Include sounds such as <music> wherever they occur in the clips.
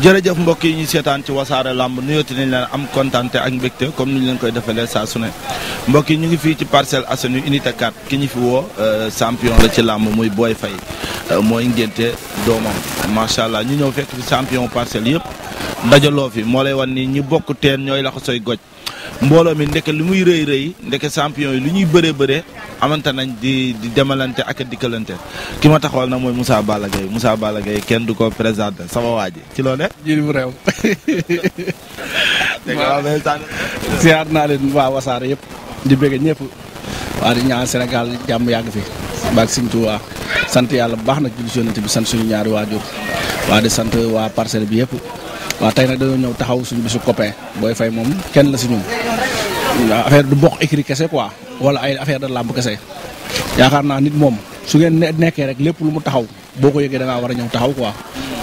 jërëjëf mbokk yi ñu seetaan ci wasaare lamb nuyooti nañ leen am kontaan ak mbégte comme ni ñu leen koy defalee saa su ne mbokk yi ñu ngi fii ci parcelle Assainies unité 4 ki ñu fi woo sampion euh, la ci làmb muy booy Faye euh, mooy ngénte doomam macha allah ñu ñëw fekk fi champion Parcelles yëpp dajaloo fi moo lay wan nii ñu bokk teen ñooy laxasooy goj mbooloo mi ndeke li muy rëy rëy ndeke champion yi lu ñuy bëree bëree amante nañ di di demalante ak dikkalante ki ma taxawal na mooy musaa Balla Gaye Moussa kenn du ko présenté sama waa ji ci loone jil bu réew siyaar <laughs> naa leen waa wasaare yëpp di bëgg ñëpp waa di ñaan Sénégal jàmm yàgg fi baag Sëñ Tuubaa sant yàlla bu baax nag julli si Yonent bi sant suñu ñaari waajur waa di sant waa parcelle bi yëpp waa tey nag dañoo ñëw taxaw suñu bisu copain booy fay moom kenn la si ñun affaire du bokk écrit kese quoi wala ay affaire de làmb kese yaakaar naa nit moom su ngeen nekkee rek lépp lu mu taxaw boo ko yëgee da ngaa war a ñëw taxaw quoi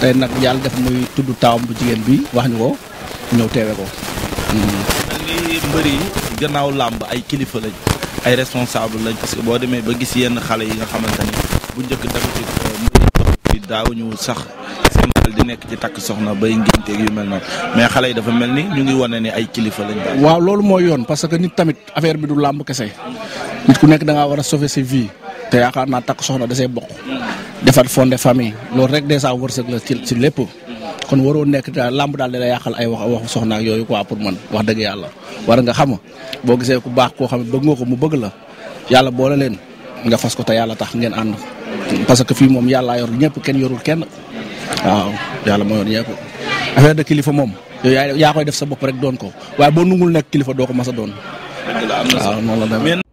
tey nag yàlla def muy tudd taawam bu jigéen bi wax ñu ko ñëw teewe ko. li mbër yi gannaaw làmb ay kilifa lañ ay responsable lañ parce boo demee ba gis yenn xale yi nga xamante ni bu njëkk dama ci euh, mbër yi sax faral di nekk ci takk soxna bay ngénteeg yu mel noonu mais xale yi dafa mel ni ñu ngi wane ni ay kilifa lañ. waaw loolu mooy yoon parce que nit tamit affaire bi du làmb kese nit ku nekk da ngaa war a sauver sa vie te yaakaar naa takk soxna dasee bokk. defar fondé famille loolu rek dèjà wërsëg la ci ci lépp. kon waroo nekk daal làmb daal di la yàqal ay wax waxu soxna ak yooyu quoi pour man wax dëgg yàlla war nga xam boo gisee ku baax koo xam ne bëgg nga ko mu bëgg la yàlla boole leen nga fas ko te yàlla tax ngeen ànd parce que fii waaw yàlla moo yoon ñeeku affaire de kilifa moom yow yaa yaa koy def sa bopp rek doon ko waaye boo nungul nekk kilifa doo ko mas a doon waaw noonu la